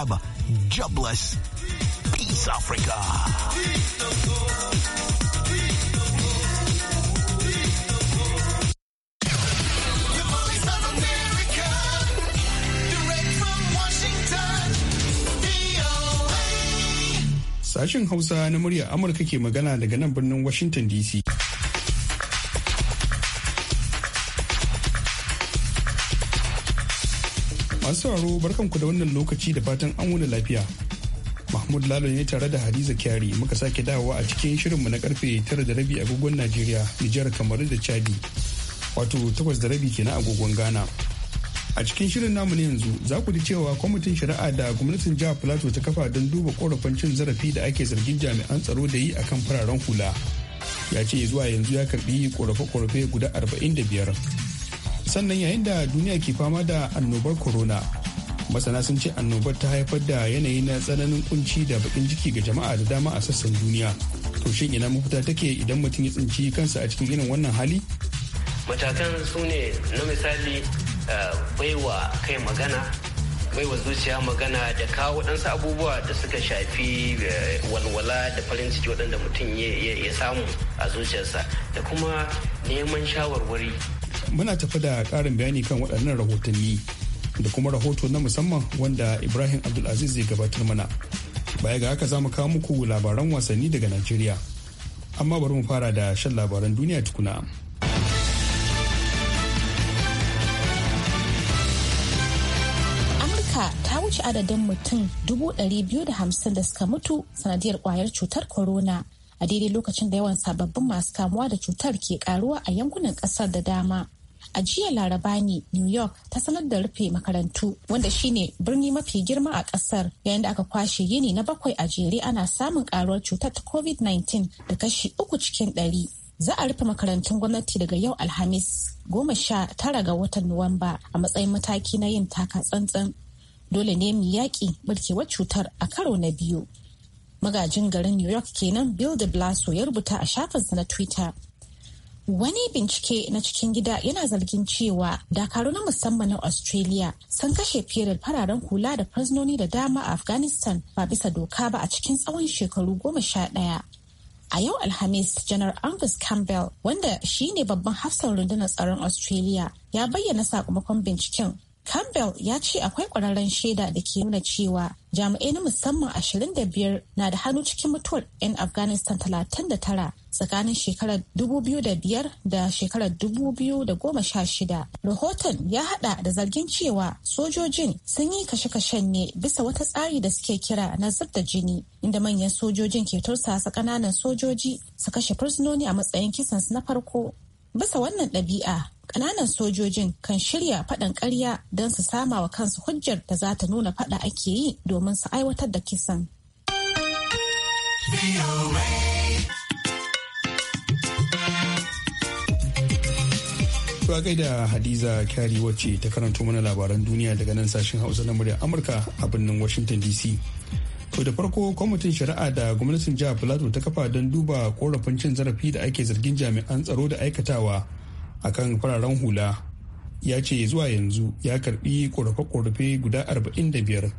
Daba. God bless. Peace, Africa. Sashen Hausa na murya Amurka ke magana daga nan birnin Washington DC. masu sauraro barkanku da wannan lokaci da fatan an wuni lafiya mahmud lalo ne tare da hadiza kyari muka sake dawowa a cikin shirinmu na karfe tara da rabi agogon najeriya nijar kamaru da chadi wato takwas da rabi kenan agogon ghana a cikin shirin namu na yanzu za ku ji cewa kwamitin shari'a da gwamnatin jihar plateau ta kafa don duba korafin cin zarafi da ake zargin jami'an tsaro da yi akan fararen hula ya ce zuwa yanzu ya karbi korafe-korafe guda arba'in da biyar. sannan yayin da duniya ke fama da annobar corona masana sun ce annobar ta haifar da yanayi na tsananin kunci da bakin jiki ga jama'a da dama a sassan duniya to shin ina mafita take idan mutum ya tsinci kansa a cikin irin wannan hali matakan su ne na misali eh, baiwa kai magana baiwa zuciya magana da kawo waɗansu abubuwa da suka shafi eh, walwala da farin ciki waɗanda mutum ya samu a zuciyarsa da kuma neman shawarwari muna tafi da karin bayani kan waɗannan rahotanni da kuma rahoto na musamman wanda ibrahim abdulaziz zai gabatar mana baya ga haka za mu kawo muku labaran wasanni daga najeriya amma bari mu fara da shan labaran duniya tukuna amurka ta wuce adadin mutum 250 da suka mutu sanadiyar kwayar cutar corona a daidai lokacin da yawan sababbin masu kamuwa da cutar ke karuwa a yankunan kasar da dama a jiya laraba ne new york ta sanar da rufe makarantu wanda shine birni mafi girma a kasar yayin da aka kwashe yini na bakwai a jere ana samun karuwar cutar ta covid-19 da kashi uku cikin ɗari za a rufe makarantun gwamnati daga yau alhamis goma sha tara ga watan nuwamba a matsayin mataki na yin taka tsantsan dole ne mu yaƙi barkewar cutar a karo na biyu magajin garin new york kenan bill de blasio ya rubuta a shafinsa na twitter Wani bincike na cikin gida yana zargin cewa dakaru na musamman na Australia sun kashe fiye da fararen kula da fursunoni da dama a Afghanistan ba bisa doka ba a cikin tsawon shekaru goma sha ɗaya. A yau Alhamis, Janar Angus Campbell, wanda shi ne babban hafsan rundunar tsaron Australia, ya bayyana sakamakon binciken Campbell ya ce akwai kwararren shaida da ke nuna cewa jami'ai na musamman 25 na da hannu cikin mutuwar 'yan Afghanistan 39 tsakanin shekarar 2005 da shekarar 2016. Rahoton ya hada da zargin cewa sojojin sun yi kashe-kashen ne bisa wata tsari da suke kira na zub da jini inda manyan sojojin ke tursasa ƙananan sojoji su kashe fursunoni a matsayin kisan su na farko Bisa wannan ɗabi'a, ƙananan sojojin kan shirya faɗan ƙarya don su sama wa kansu hujjar da za ta nuna faɗa ake yi domin su aiwatar da kisan. Tuwa da Hadiza Kyari wacce ta karanto mana labaran duniya daga nan sashen Hausa na muryar Amurka a birnin Washington DC. to da farko kwamitin shari'a da gwamnatin jihar plateau ta kafa don duba korafin cin zarafi da ake zargin jami'an tsaro da aikatawa a kan fararen hula ya ce zuwa yanzu ya karbi korafe-korafe guda 45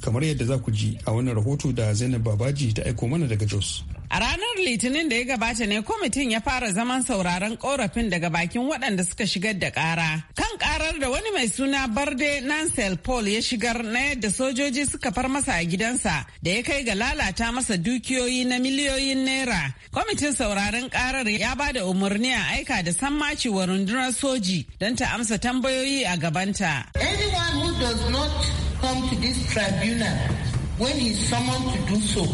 kamar yadda za ku ji a wannan rahoto da zainab babaji ta aiko mana daga jos a ranar litinin da ya gabata ne kwamitin ya fara zaman sauraron korafin daga bakin waɗanda suka shigar da ƙara kan ƙarar da wani mai suna barde nansel paul ya shigar na yadda sojoji suka far masa a gidansa da ya kai ga lalata masa dukiyoyi na miliyoyin naira kwamitin sauraron ƙarar ya ba da umarni a aika da sammaci wa rundunar soji don ta amsa tambayoyi a gabanta anyone who does not come to this tribunal when he is summoned to do so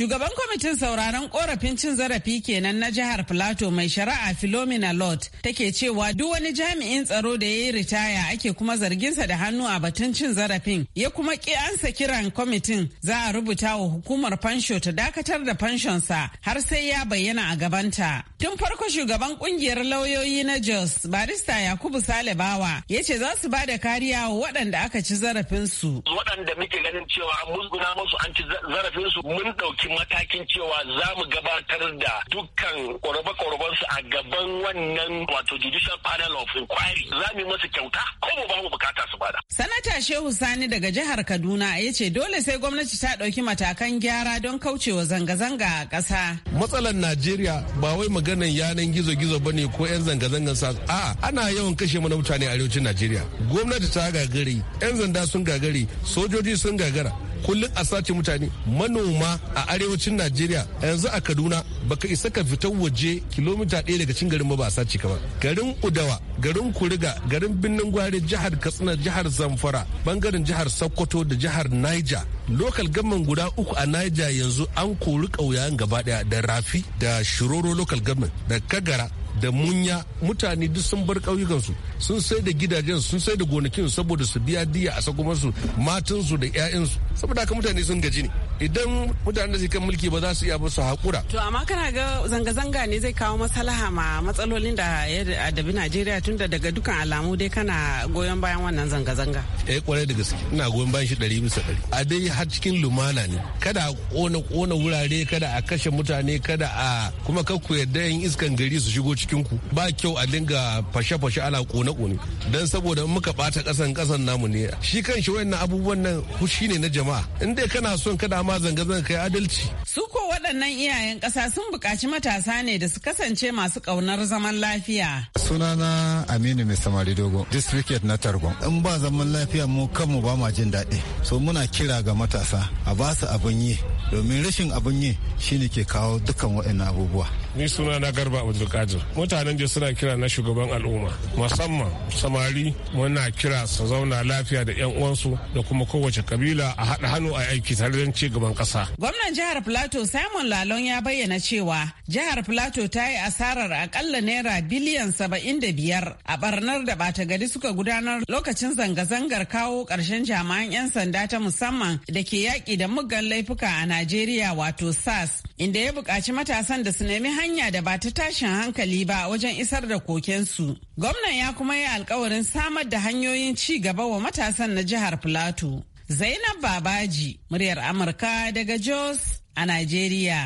Shugaban kwamitin sauraron korafin cin zarafi kenan na jihar Filato mai shari'a Philomena Lord take cewa duk wani jami'in tsaro da ya yi ritaya ake kuma zarginsa da hannu a batun cin zarafin ya kuma ki ansa kiran kwamitin za a rubuta wa hukumar fansho ta dakatar da fanshonsa har sai ya bayyana a gabanta. Tun farko shugaban kungiyar lauyoyi na Jos barista Yakubu Salibawa ya ce za su ba da kariya wa waɗanda aka ci zarafinsu. Waɗanda muke ganin cewa an musguna musu an ci zarafinsu mun ɗauki matakin cewa za mu gabatar da dukkan ƙwarbe su a gaban wannan wato judicial panel of inquiry za mu yi masu kyauta ko mu ba mu bukata su bada. Sanata Shehu Sani daga jihar Kaduna ya ce dole sai gwamnati ta ɗauki matakan gyara don kaucewa zanga-zanga a ƙasa. Matsalar Najeriya ba wai maganar yanan gizo-gizo ba ne ko 'yan zanga-zangan sa a ana yawan kashe mana mutane a arewacin Najeriya. Gwamnati ta gagari, 'yan zanda sun gagari, sojoji sun gagara. kullum a sace mutane manoma a arewacin najeriya yanzu a kaduna baka isa ka fita waje kilomita ɗaya daga cin garin ba a sace ka ba garin udawa garin kuriga garin birnin gwari jihar katsina jihar zamfara bangaren jihar sokoto da jihar niger lokal gaman guda uku a niger yanzu an kori ƙauyayen gaba ɗaya da rafi da shiroro lokal gaman da kagara da munya mutane duk sun bar ƙauyukansu sun sai da gidajen sun sai da gonakin saboda su biya diya a sakumarsu matansu da 'ya'yansu saboda haka mutane sun gaji ne idan mutanen da su kan mulki ba za su iya ba su haƙura. To amma kana ga zanga-zanga ne zai kawo maslaha ma matsalolin da ya adabi Najeriya tun da daga dukan alamu dai kana goyon bayan wannan zanga-zanga. Eh kwarai da gaske ina goyon bayan shi ɗari bisa ɗari. A dai har cikin lumana ne kada a ƙona ƙona wurare kada a kashe mutane kada a kuma kar ku yarda yin iskan gari su shigo cikin ku ba kyau a dinga fashe-fashe ana ƙone-ƙone dan saboda muka ɓata ƙasan ƙasan namu ne shi kan shi wayannan abubuwan nan shi ne na jama'a in dai kana son kada kuma zanga-zanga kai adalci. Su ko waɗannan iyayen ƙasa sun buƙaci matasa ne da su kasance masu ƙaunar zaman lafiya. Sunana Aminu Mai Samari Dogo, district na Targon. In ba zaman lafiya mu kanmu ba ma jin daɗi. So muna kira ga matasa a ba su abin yi domin rashin abin yi shine ke kawo dukkan waɗannan abubuwa. ni suna na garba abdulkadir mutanen da suna kira na shugaban al'umma musamman samari muna kira su zauna lafiya da yan uwansu da kuma kowace kabila a haɗa hannu a aiki tare don ci gaban ƙasa gwamnan jihar plateau simon lalon ya bayyana cewa jihar plateau ta yi asarar akalla naira biliyan saba'in da biyar a barnar da bata gari suka gudanar lokacin zanga-zangar kawo ƙarshen jami'an 'yan sanda ta musamman da ke yaƙi da mugan laifuka a najeriya wato sas inda ya buƙaci matasan da su nemi hanya da ba ta tashin hankali ba wajen isar da kokensu. Gwamnan ya kuma yi alkawarin samar da hanyoyin ci gaba wa matasan na jihar Filato. Zainab Babaji, muryar Amurka daga Jos a Najeriya.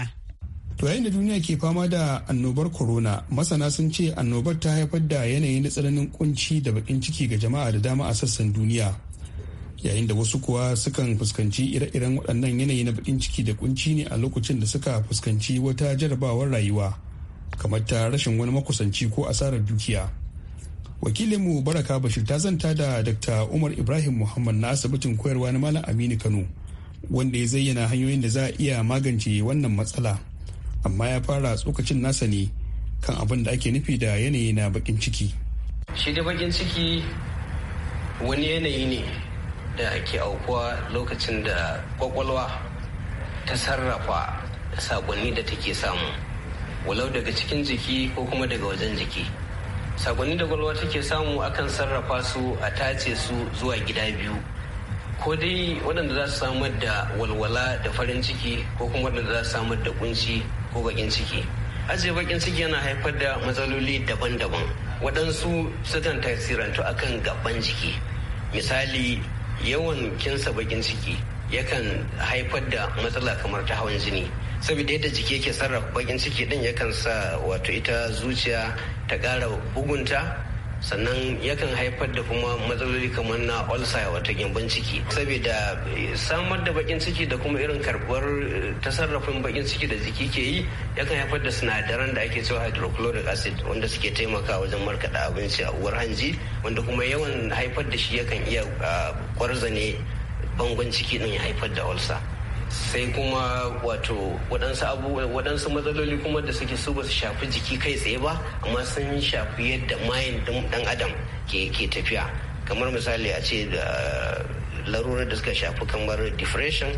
To yayin da duniya ke fama da annobar corona, masana sun ce annobar ta haifar da yanayin da tsananin kunci da bakin ciki ga jama'a da dama a sassan duniya. yayin da wasu kuwa sukan fuskanci ire-iren waɗannan yanayi na baƙin ciki da kunci ne a lokacin da suka fuskanci wata jarabawar rayuwa kamar ta rashin wani makusanci ko asarar dukiya wakilinmu baraka bashir ta zanta da dr umar ibrahim muhammad na asibitin koyarwa na malam aminu kano wanda ya zayyana hanyoyin da za a iya magance wannan matsala amma ya fara tsokacin nasa ne kan abin da ake nufi da yanayi na bakin ciki shi da baƙin ciki wani yanayi ne da ake aukuwa lokacin da kwakwalwa ta sarrafa sakonni da take samu walau daga cikin jiki ko kuma daga wajen jiki sakonni da kwakwalwa take samu akan sarrafa su a tace su zuwa gida biyu ko dai waɗanda za su samar da walwala da farin ciki ko kuma waɗanda za su samar da kunci ko baƙin ciki ajiye baƙin ciki yana haifar da matsaloli daban-daban waɗansu sukan tasirantu akan gaban jiki misali yawan kinsa bakin ciki yakan haifar da matsala kamar ta hawan jini saboda yadda jiki yake sarrafa bakin ciki din yakan sa wato ita zuciya ta ƙara bugunta sannan yakan haifar da kuma matsaloli kamar na ulcer wata gyambon ciki saboda eh, samar da bakin ciki da kuma irin karbuwar eh, tasarrafin bakin ciki da jiki ke yi yakan haifar da sinadaran da ake cewa hydrochloric acid wanda suke taimaka wajen markaɗa abinci a uwar hanji wanda kuma yawan haifar da shi yakan iya kwarzane ah, bangon ciki din ya haifar da ulcer sai kuma wato waɗansu abu waɗansu matsaloli kuma da suke su ba su shafi jiki kai tsaye ba amma sun shafi yadda mayin ɗan adam ke tafiya kamar misali a ce da ah, larurar da suka shafi kamar depression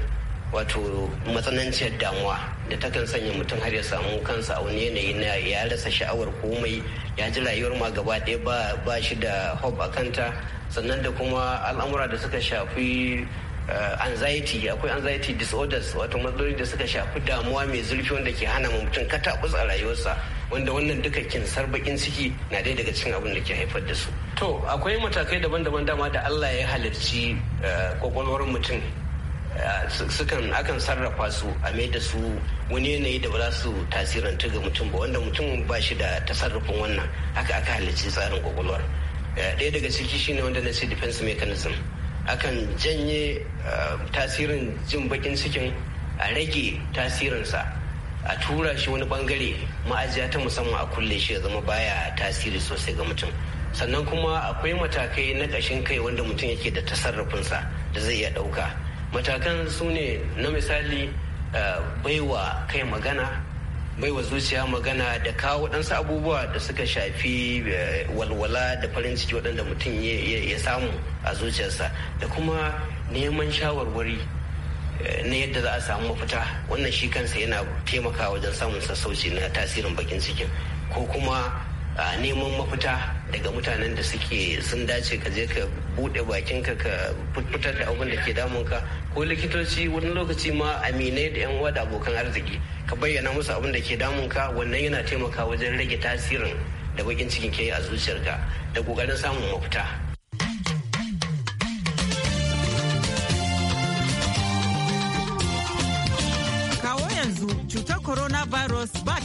wato matsananciyar damuwa da takan sanya mutum har ya samu kansa a wani yanayi na ya rasa sha'awar komai ya ji rayuwar ma gaba ɗaya ba shi da hope a kanta sannan da kuma al'amura da suka shafi Eh, anxiety akwai anxiety disorders wato matsaloli da suka shafi damuwa mai zurfi wanda ke hana mutum katakus a rayuwarsa wanda wannan duka kin bakin ciki na daya daga cikin abin da ke haifar da su to akwai matakai daban-daban dama da Allah ya halarci kwakwalwar eh, mutum eh, sukan akan sarrafa su a mai da su wani yanayi da ba za su tasiranta ga mutum ba wanda mutum ba shi da tasarrufin wannan haka aka halarci tsarin kwakwalwar ɗaya daga ciki shine wanda na ce defense mechanism akan janye eh, tasirin jin bakin cikin a rage tasirinsa a tura shi wani bangare ma'ajiya ta musamman a kulle shi ya zama baya tasiri sosai ga mutum sannan kuma akwai matakai na ƙashin kai wanda mutum yake da tasarrufinsa da zai iya ɗauka matakan su ne na misali eh, baiwa kai magana baiwa zuciya magana da kawo waɗansu abubuwa da suka shafi eh, walwala da farin ciki waɗanda mutum ya samu a zuciyarsa da kuma neman shawarwari eh, na yadda za a samu mafita wannan shi kansa yana taimakawa wajen samun sassauci na tasirin bakin cikin ko kuma a neman mafita daga mutanen da suke sun dace ka je ka buɗe bakinka ka fitar da abin da ke damunka ko likitoci wani lokaci ma aminai da 'yan uwa da abokan arziki ka bayyana musu abin da ke damun ka wannan yana taimaka wajen rage tasirin da bakin cikin ke a zuciyarka da kokarin samun mafita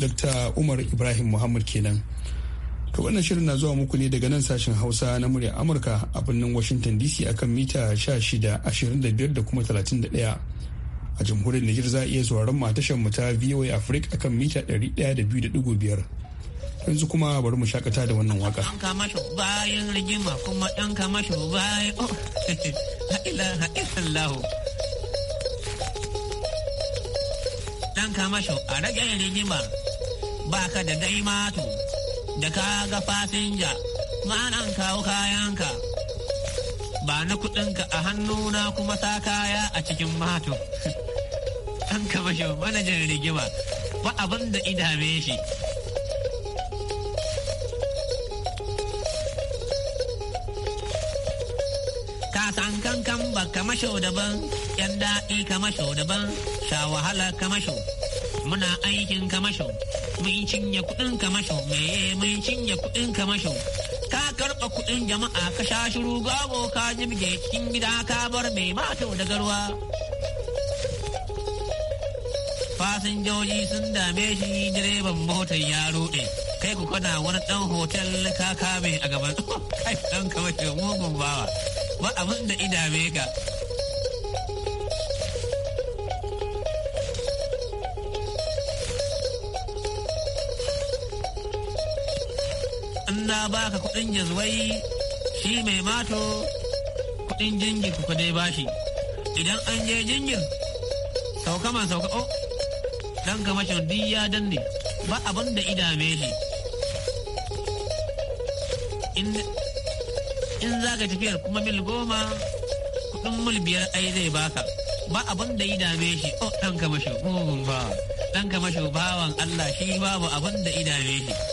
dr umar ibrahim muhammad kenan to wannan shirin na zuwa muku ne daga nan sashen hausa na murya amurka a birnin washington dc akan mita 1625 da kuma 31 a jamhuriyar niger za a iya sauraron mu a tashar mu ta VOA Africa akan mita 102.5 yanzu kuma bari mu shakata da wannan waka ɗan kama shi bayan rigima kuma ɗan kama shi bayan oh ha'ila ha'ila illallah Ɗan kama shi a rage rigima baka da daimatu da ka ga fasinja ma'anan kawo kayanka ba na kuɗinka a hannuna kuma sa kaya a cikin mato an kama shi manajan rigima ba abin da idame shi san kankan ba kamasho daban yan daɗi kamasho daban sha wahala masho. muna aikin kamasho mun cinye kuɗin ka masho me mun cinye kuɗin kamasho ka karɓa kuɗin jama'a ka sha shiru gago ka jibge cikin gida ka bar mai mato da garwa fasinjoji sun dame shi direban motar ya ruɗe kai ku kana wani ɗan hotel ka kame a gaban kai ɗan kamar mugun bawa ba abin da idame ka na baka kudin jazwai shi mai mato kudin jingir ku dai bashi idan an je jingir sauka man sauka o oh, dan kamashin duk ya danne ba abin da idame shi in za ka tafiyar kuma mil goma kudin mil biyar ai zai baka ba abin da idame shi o oh, dan kamashin mm, ba dan kamashin bawan Allah shi babu abin da idame shi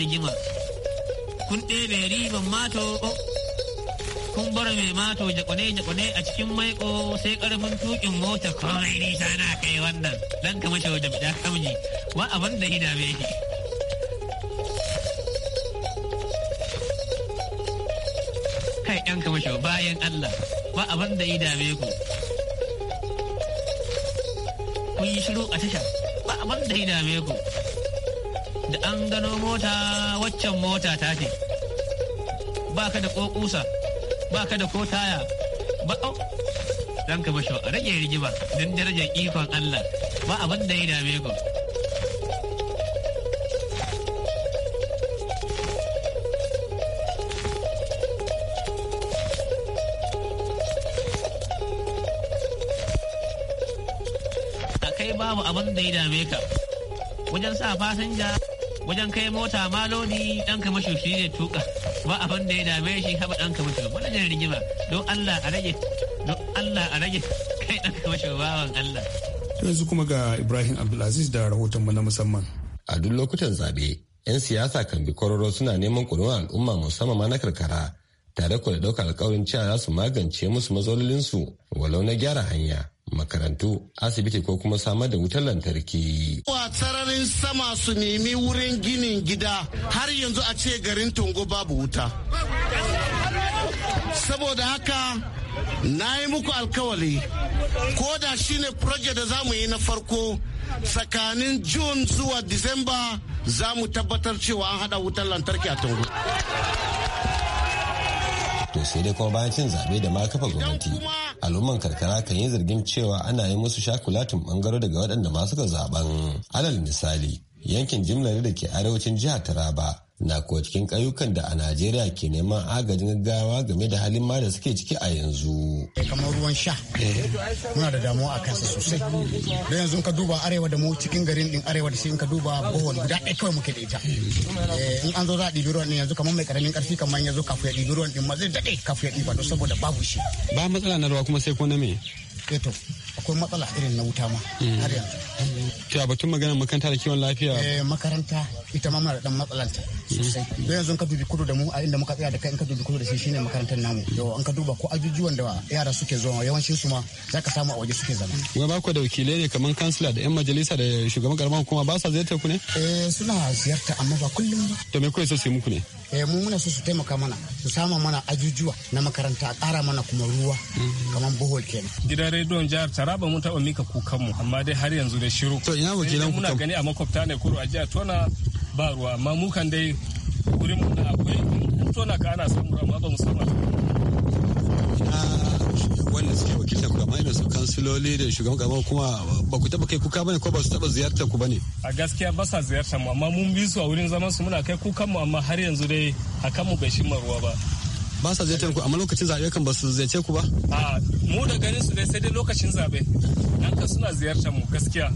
rigima kun ɗe mai riban mato kun bara mai mato jakone jakone a cikin maiko sai karfin tukin mota kawai nisa na kai wannan dan kama shawo da bida kamji wa abin da hida mai yake kai ɗan kama shawo bayan allah ba abin da hida mai ku kun yi shiru a tasha ba abin da hida mai ku da an gano mota waccan mota ta ce ba ka da ƙoƙusa ba ka da ko taya ba au dan ka mashi rage rigima don darajar ikon Allah ba abin da ya dame ku babu abin da ya dame ka wajen sa fasinja wajen kai mota ma lodi dan kama shi ne tuka ba abin da ya dame shi haba dan kama wani jin rigima don Allah a rage Allah a rage kai dan kama bawan Allah to yanzu kuma ga Ibrahim Abdulaziz da rahoton mu na musamman a duk lokutan zabe yan siyasa kan bi kororo suna neman kuri'un al'umma musamman ma na karkara tare ku da ɗaukar alƙawarin cewa za su magance musu matsalolinsu walau na gyara hanya makarantu asibiti ko kuma samar da wutar lantarki. Wa sararin sama su nemi wurin ginin gida har yanzu a ce garin Tongo babu wuta. Saboda haka na yi muku alkawali ko da shine project da zamu yi na farko tsakanin june zuwa disamba zamu tabbatar cewa an hada wutar lantarki a tungo to sai dai kuma bayan cin zaɓe da ma kafa gwamnati al'umman karkara kan yi zargin cewa ana yi musu shakulatin bangaro daga waɗanda masu suka zaɓen alal misali yankin jimlari da ke arewacin jihar taraba na kuwa cikin ƙauyukan da a najeriya ke neman agajin gaggawa game da halin ma da suke ciki a yanzu eh, kamar ruwan sha eh. muna da damuwa a kansa sosai da yanzu ka duba arewa da mu cikin garin din arewa da sai ka duba bohol guda ɗaya kawai muke da ita eh, in an zo za a ɗibi ruwan yanzu kamar mai karamin ƙarfi kamar yanzu kafu ya ɗibi ruwan ɗin ma zai daɗe kafu ya ɗiba don saboda babu shi ba matsala na ruwa kuma sai ko na me akwai matsala irin na wuta ma mm. har yanzu. To a batun magana makaranta da kiwon lafiya? Eh makaranta ita ma muna da dan matsalanta sosai. Mm. Don yanzu ka dubi kudu da mu a inda muka tsaya da kai in ka dubi kudu da shi shine makarantar namu. Yau an ka duba ko ajujuwan da yara suke zuwa yawancin su ma za ka samu a waje suke zama. Wai ba ku da wakilai ne kamar kansila da yan majalisa da shugaban karamar hukuma ba sa ziyartar ku ne? Eh suna ziyarta amma ba kullum ba. To me kuke so su yi muku ne? Eh mu muna so su taimaka mana su sama mana ajujuwa na makaranta a kara mana kuma ruwa mm. kamar bohol kenan. Gidan rediyon jihar taraba mun taba mika kukanmu amma dai har yanzu da shiru to ina wakilan muna gani a makwabta ne kuro a jiya tona ba ruwa amma mu kan dai wurin mu na akwai tona ka ana samu amma ba mu samu wanda suke wakilta ku amma ina su kansiloli da shugaban gaba kuma ba ku taba kai kuka bane ko ba su taba ziyartar ku bane a gaskiya ba sa ziyartar mu amma mun bi su a wurin zaman su muna kai kukan mu amma har yanzu dai hakan mu bai shi ruwa ba ba sa ziyartar ku amma lokacin zaɓe kan ba su ziyarce ku ba a mu da ganin su ne sai dai lokacin zaɓe nan ka suna ziyartar mu gaskiya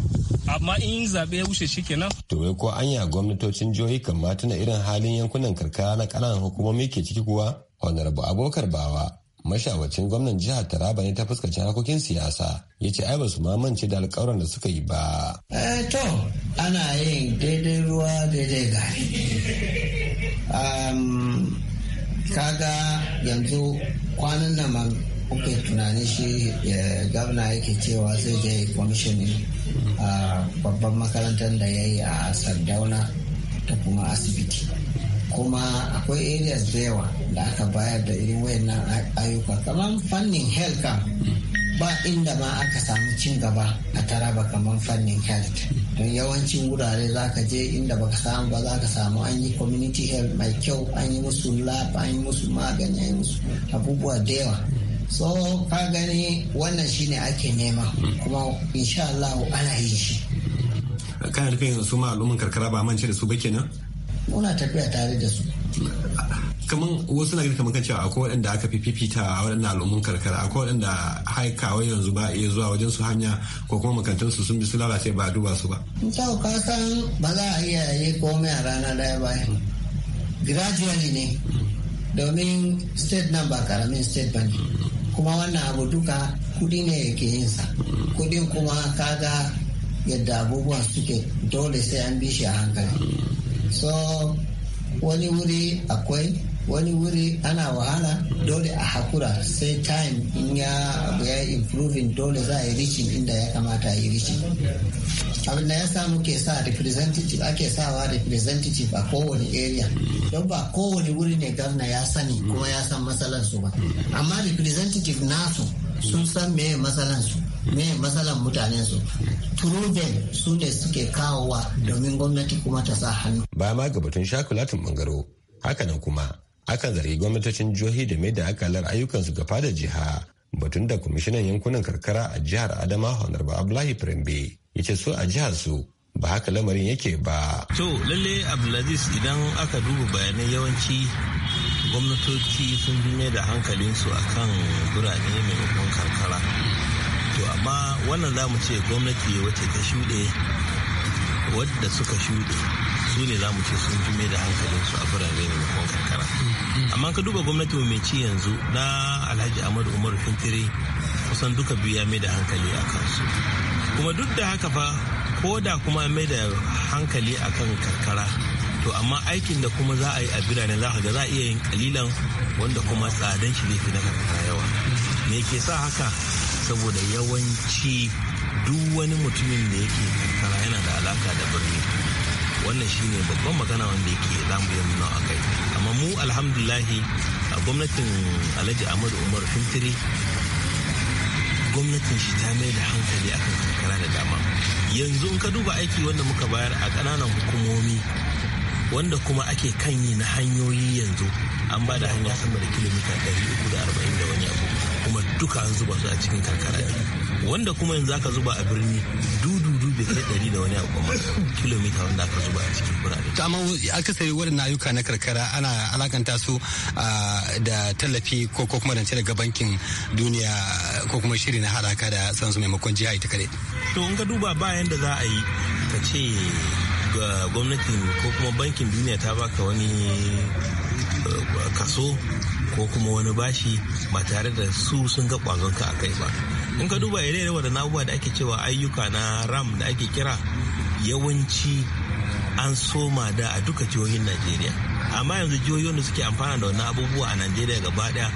amma in yin zaɓe ya wuce shikenan to wai ko anya gwamnatocin jihohi kan ma tuna irin halin yankunan karkara na ƙananan hukumomi ke ciki kuwa honorable abokar bawa mashawacin gwamnan jihar taraba ne ta fuskaci harkokin siyasa ya ce ai ba basu mamance da alkawaran da suka yi ba. eh to ana yin daidai ruwa daidai gari kaga yanzu kwanan nan ma kuke tunanin shi eh, gabna yake cewa zai je kwamishinin a babban makarantar da ya yi a sardauna ta kuma asibiti kuma akwai areas da yawa da aka bayar da irin wayannan ayyuka kamar fannin health ba inda ma aka samu cin gaba a taraba kamar fannin health don yawancin wurare za ka je inda baka samu ba za ka samu an yi community health mai kyau an yi musu lab an yi musu magani an yi musu abubuwa da yawa so ka gani wannan shine ake nema kuma insha Allah ana yi shi kana yanzu su ma'alumin karkara ba mance da su ba kenan muna tafiya tare da su kaman wasu na kamar kaman cewa akwai waɗanda aka fi fifita a waɗannan al'ummun karkara akwai waɗanda haikawai yanzu ba iya zuwa wajen su hanya ko kuma su sun bi su lalace ba a duba su ba. kyau ka san ba za a iya yi komai a rana daya ba gradually ne domin state nan ba karamin state ba ne kuma wannan abu duka kudi ne yake yin sa kudin kuma kaga yadda abubuwa suke dole sai an bi shi a hankali so wani wuri akwai wani wuri ana wahala dole a hakura sai time in ya ya improving dole za a yi reaching inda ya kamata a yi reaching abin da ya samu ke sa representative ake sawa representative a kowane area don ba kowane wuri ne gwamna ya sani kuma ya san matsalar su ba amma representative nasu sun san meye matsalar su meye matsalar mutanen su proven su ne suke kawowa domin gwamnati kuma ta sa hannu ba ma ga shakulatin bangaro hakanan kuma aka zargi gwamnatocin jihohi da mai da akalar ayyukansu ga fada jiha batun da kwamishinan yankunan karkara a jihar adama honorable abdullahi firimbe ya ce su a jihar su ba haka lamarin yake ba to lalle abdulaziz idan aka duba bayanai yawanci gwamnatoci sun bi mai da hankalinsu a kan birane maimakon karkara to amma wannan za mu ce gwamnati wacce ta shuɗe wadda suka shuɗe su ne za mu ce sun fi mai da su a birane ne makon karkara amma ka duba gwamnati mai ci yanzu na alhaji Amadu umaru fintiri kusan duka biyu ya mai da hankali a kansu kuma duk da haka fa ko da kuma mai da hankali a kan karkara to amma aikin da kuma za a yi a birane za ga za a iya yin kalilan wanda kuma tsadan shi ne fi na karkara yawa me ke sa haka saboda yawanci duk wani mutumin da yake karkara yana da alaka da birni wannan shi ne babban magana wanda yake zamu yi nuna a kai amma mu alhamdulahi a gwamnatin alhaji ahmadu umar fintiri gwamnatin shi ta mai da hankali akan karkara da dama yanzu in ka duba aiki wanda muka bayar a kananan hukumomi wanda kuma ake kan yi na hanyoyi yanzu an ba da hanya sama da kilomita 340 da wani abu kuma duka an zuba su a cikin karkara wanda kuma yanzu aka zuba a birni dududu bai kai ɗari da wani abu kilomita wanda aka zuba a cikin birane. aka sayi waɗannan ayyuka na karkara ana alakanta su ah, da tallafi ko kuma da daga bankin duniya ko kuma shiri na haraka da sansu maimakon jiha ita kare. to in ka duba ba yanda za a yi ka ce ga gwamnatin ko kuma bankin duniya ta baka wani eh, kaso ko kuma wani bashi ba tare da su sun ga kwazon ka a kai ba in ka duba ire na abubuwa da ake cewa ayyuka na ram da ake kira yawanci an soma da a duka jihohin najeriya amma yanzu jihohin da suke amfana da wannan abubuwa a najeriya gaba daya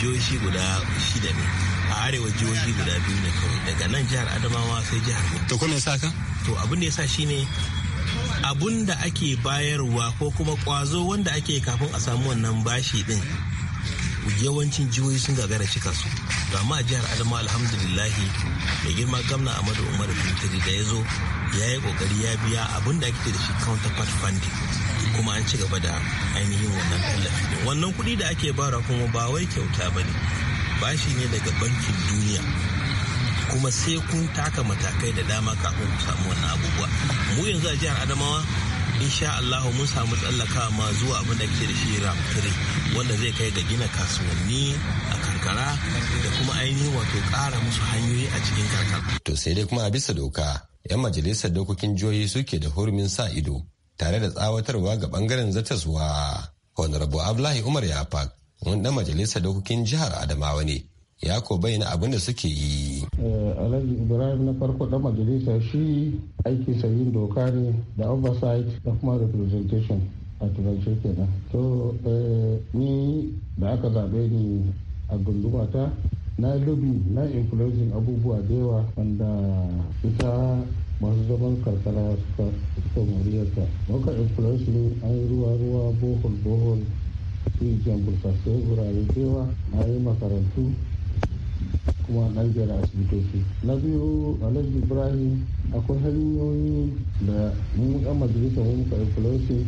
jihohi guda shida ne a arewa jihohi guda biyu ne kawai daga nan jihar adamawa sai jihar to kuma yasa ka to abin da yasa shine abun da ake bayarwa ko kuma kwazo wanda ake kafin a samu wannan bashi din yawancin jihohi sun gagara cika su ga ma jihar adama alhamdulillahi mai girma gamna amadu umar fintiri da ya zo ya yi kokari ya biya abin da ake da shi counterpart funding kuma an ci gaba da ainihin wannan tallafi wannan kuɗi da ake bara kuma ba wai kyauta ba ne bashi ne daga bankin duniya kuma sai kun taka matakai da dama kafin ku samu wannan abubuwa mu yanzu a jihar adamawa insha Allah mun samu tsallakawa ma zuwa abin da ke da shi wanda zai kai ga gina kasuwanni a karkara da kuma ainihin wato kara musu hanyoyi a cikin karkara. To sai dai kuma a bisa doka 'yan majalisar dokokin jihohi suke da hurumin sa ido tare da tsawatarwa ga bangaren zataswa. Honorable Abdullahi Umar Yafak, wani majalisar dokokin jihar Adamawa ne, ya ko bayyana abin da suke yi. Eh, Alhaji Ibrahim na farko dan majalisa shi aikin sayin doka ne da oversight da kuma representation a turance kenan. To eh, ni da aka zaɓe ni a gundumata na lobby na influencing abubuwa da yawa wanda ita masu zaman karkara suka suka muryarta maka influencing an yi ruwa ruwa bohol bohol bursa sai wurare da yawa na yi makarantu kuma na gyara asibitoci na biyu alhaji ibrahim akwai hanyoyi da mu yan majalisar wani influencing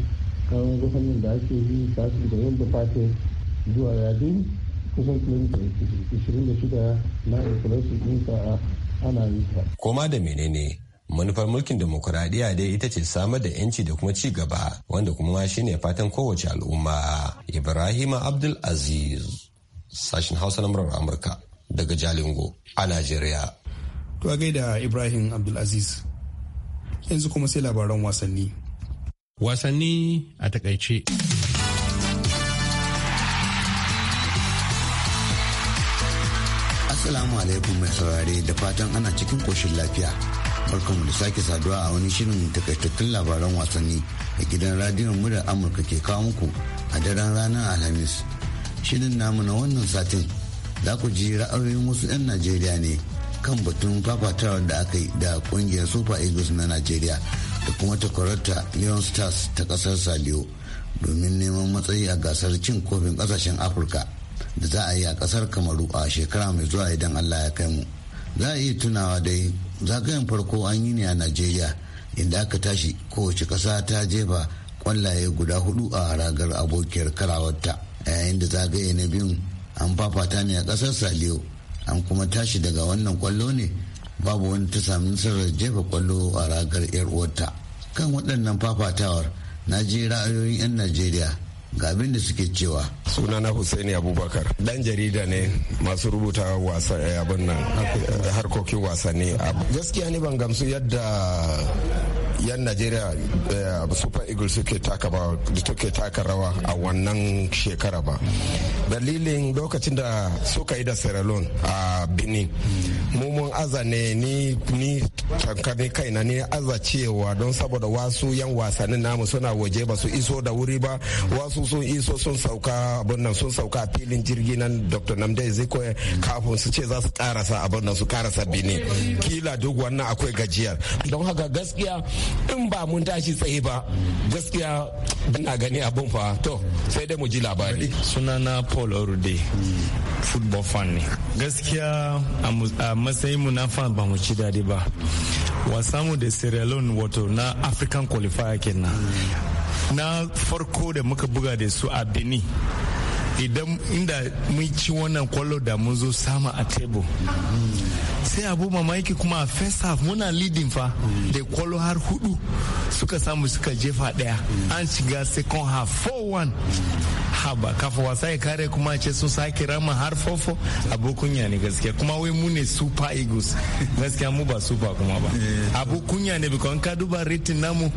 kan rufanin da ake yi tashi da yadda fata zuwa yadi kusan kilomita 26 na influencing in a ana yi ta. koma da menene manufar mulkin demokuraɗiyya dai ita ce samar da yanci da kuma ci gaba wanda kuma ma shine fatan kowace al'umma ibrahima abdul aziz sashen hausa na murar amurka daga Jalingo a Najeriya. To a gaida Ibrahim Abdulaziz. Yanzu kuma sai labaran wasanni. Wasanni a takaice. Assalamu alaikum mai saurare da fatan ana cikin koshin lafiya. Barkanmu da sake saduwa a wani shirin takaitattun labaran wasanni da gidan radiyon murar Amurka ke kawo muku a daren ranar Alhamis. Shirin namu na wannan satin za ku ji ra'ayoyin wasu 'yan najeriya ne kan batun fafatawar da aka yi da kungiyar super eagles na najeriya da kuma takwararta leon stars ta kasar saliyo domin neman matsayi a gasar cin kofin kasashen afirka da za a yi a kasar kamaru a shekara mai zuwa idan allah ya kai mu za a iya tunawa dai zagayen farko an yi ne a najeriya inda aka tashi kowace kasa ta jefa kwallaye guda hudu a ragar abokiyar karawarta yayin da zagaye na biyun an fafata ne a ƙasar saliyo an kuma tashi daga wannan kwallo ne babu wani ta sami nasarar jefa kwallo a ragar 'yar uwarta kan waɗannan fafatawar na ji ra'ayoyin 'yan najeriya ga abin da suke cewa sunana Hussaini abubakar dan jarida ne masu rubuta wasa eh, abin nan harkokin wasanni gaskiya ne ban gamsu yadda yan najeriya eh, super eagles suke taka ba suke taka rawa a wannan shekara ba dalilin lokacin da suka yi da sierra leone a benin mun aza ne ni ni tankani kaina ni aza cewa don saboda wasu yan wasannin namu suna waje ba su iso da wuri ba wasu sun iso sun sauka abin nan sun sauka a filin jirgi nan dr namde ezekwe kafin su ce za su karasa abin nan su karasa benin kila duk wannan akwai gajiyar don haka gaskiya in ba mun tashi tsaye ba gaskiya bana gani abun fa to sai dai mu ji labari sunana paul orude football fan ne gaskiya a matsayin mu na fan ba mu ci daɗi ba mu da sierra leone wato na african qualifier kenan na farko da muka buga da su a benin idan inda mun ci wannan kwallo da mun zo sama a tebur sai abu mamaki kuma first half muna leading fa da kwallo har hudu suka samu suka jefa daya an shiga second half 4-1 haba kafa wasa ya kare kuma ce sun sake rama har fofo kunya ne gaskiya kuma wai mu ne super eagles gaskiya mu ba super kuma ba eh, kunya ne bikon ka duba rating namu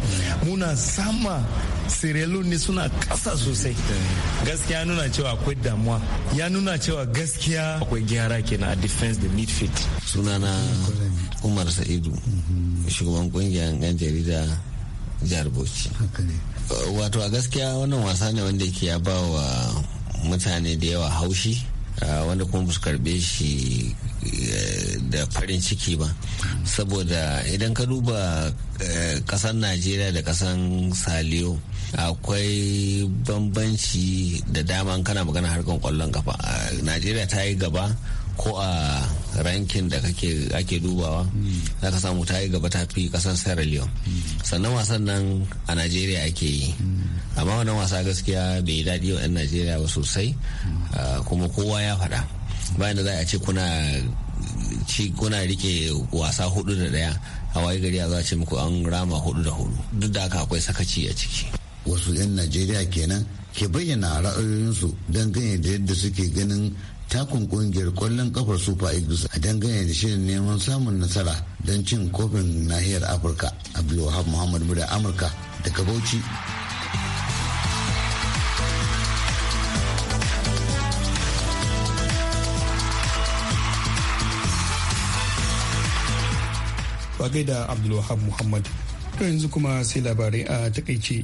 muna sama sirelu ne suna kasa sosai eh. gaskiya nuna cewa akwai damuwa ya nuna cewa gaskiya akwai gyara kenan a defense da midfield sunana umar sa'idu shugaban kungiyar yan jarida jihar bauchi wato a gaskiya wannan wasa ne wanda ke ba wa mutane da yawa haushi wanda kuma su karbe shi e, da farin ciki ba saboda idan ka duba kasan e, najeriya da kasan saliyo akwai bambanci da dama kana magana harkar kwallon kafa najeriya ta yi gaba ko a rankin da kake ake dubawa za ka samu ta yi gaba ta fi kasar sierra leone sannan wasan nan a najeriya ake yi amma wannan wasa gaskiya bai daɗi wa 'yan najeriya ba sosai kuma kowa ya faɗa bayan da za a ce kuna ci kuna rike wasa hudu da daya a waye gari a za ce muku an rama hudu da hudu duk da haka akwai sakaci a ciki wasu 'yan najeriya kenan ke bayyana ra'ayoyinsu don ganye da yadda suke ganin takun kungiyar kwallon kafar super eagles a dangane da shirin neman samun nasara don cin kofin nahiyar afirka abdulwahab muhammad da amurka daga bauchi ba gaida abdulwahab muhammad to yanzu kuma sai labarai a takaice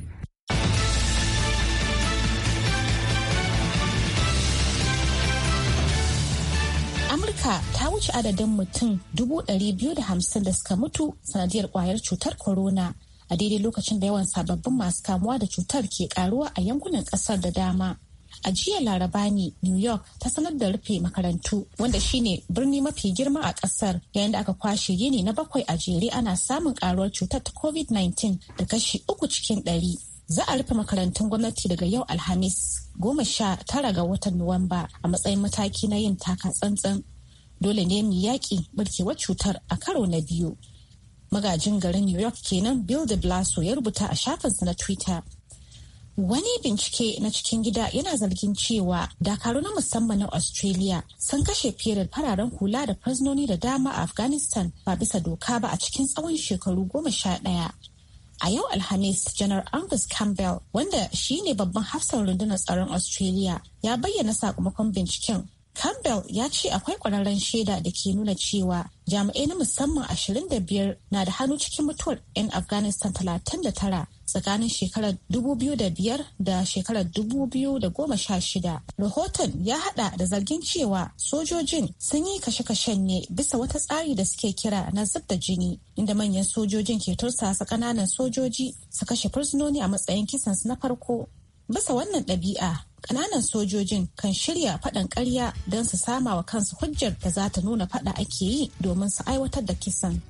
wuce adadin mutum dubu ɗari biyu da hamsin da suka mutu sanadiyar kwayar cutar corona a daidai lokacin da yawan sababbin masu kamuwa da cutar ke karuwa a yankunan ƙasar da dama. A jiya laraba ne New York ta sanar da rufe makarantu wanda shine birni mafi girma a kasar yayin da aka kwashe yini na bakwai a jere ana samun karuwar cutar ta COVID-19 da kashi uku cikin ɗari. Za a rufe makarantun gwamnati daga yau Alhamis goma sha tara ga watan Nuwamba a matsayin mataki na yin taka tsantsan dole ne mu yaƙi barkewar cutar a karo na biyu magajin garin new york kenan bill de blaso ya rubuta a shafinsa na twitter Wani bincike na cikin gida yana zargin cewa dakaru na musamman na Australia sun kashe fiye da fararen hula da fursunoni da dama a Afghanistan ba bisa doka ba a cikin tsawon shekaru goma sha ɗaya. A yau Alhamis, Janar Angus Campbell, wanda shi ne babban hafsan rundunar tsaron Australia, ya bayyana sakamakon binciken Campbell ya ce akwai kwararren shaida da ke nuna cewa jami'ai na musamman 25 na da hannu cikin mutuwar 'yan Afghanistan 39 tsakanin shekarar 2005 da shekarar 2016. Rahoton ya hada da zargin cewa sojojin sun yi kashe-kashen ne bisa wata tsari da suke kira na zub da jini inda manyan sojojin ke tursasa ƙananan sojoji su kashe fursunoni a matsayin kisansu na farko Bisa wannan ɗabi'a, ƙananan sojojin kan shirya faɗan ƙarya don su sama wa kansu hujjar da za ta nuna faɗa ake yi domin su aiwatar da kisan.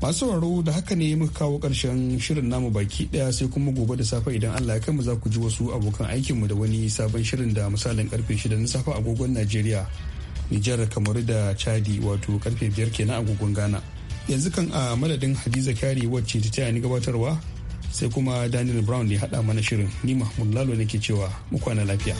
Masu sauraro da haka ne muka kawo ƙarshen shirin namu baki ɗaya sai kuma gobe da safe idan Allah ya kama za ku ji wasu abokan aikinmu da wani sabon shirin da misalin karfe shida na safe agogon Najeriya, Nijar, Kamaru da Chadi wato karfe biyar kenan agogon Ghana. Yanzu kan a madadin Hadiza Kyari wacce ta ni gabatarwa sai kuma daniel brown ne haɗa mana shirin ni mahmud lalo nake cewa mu kwana lafiya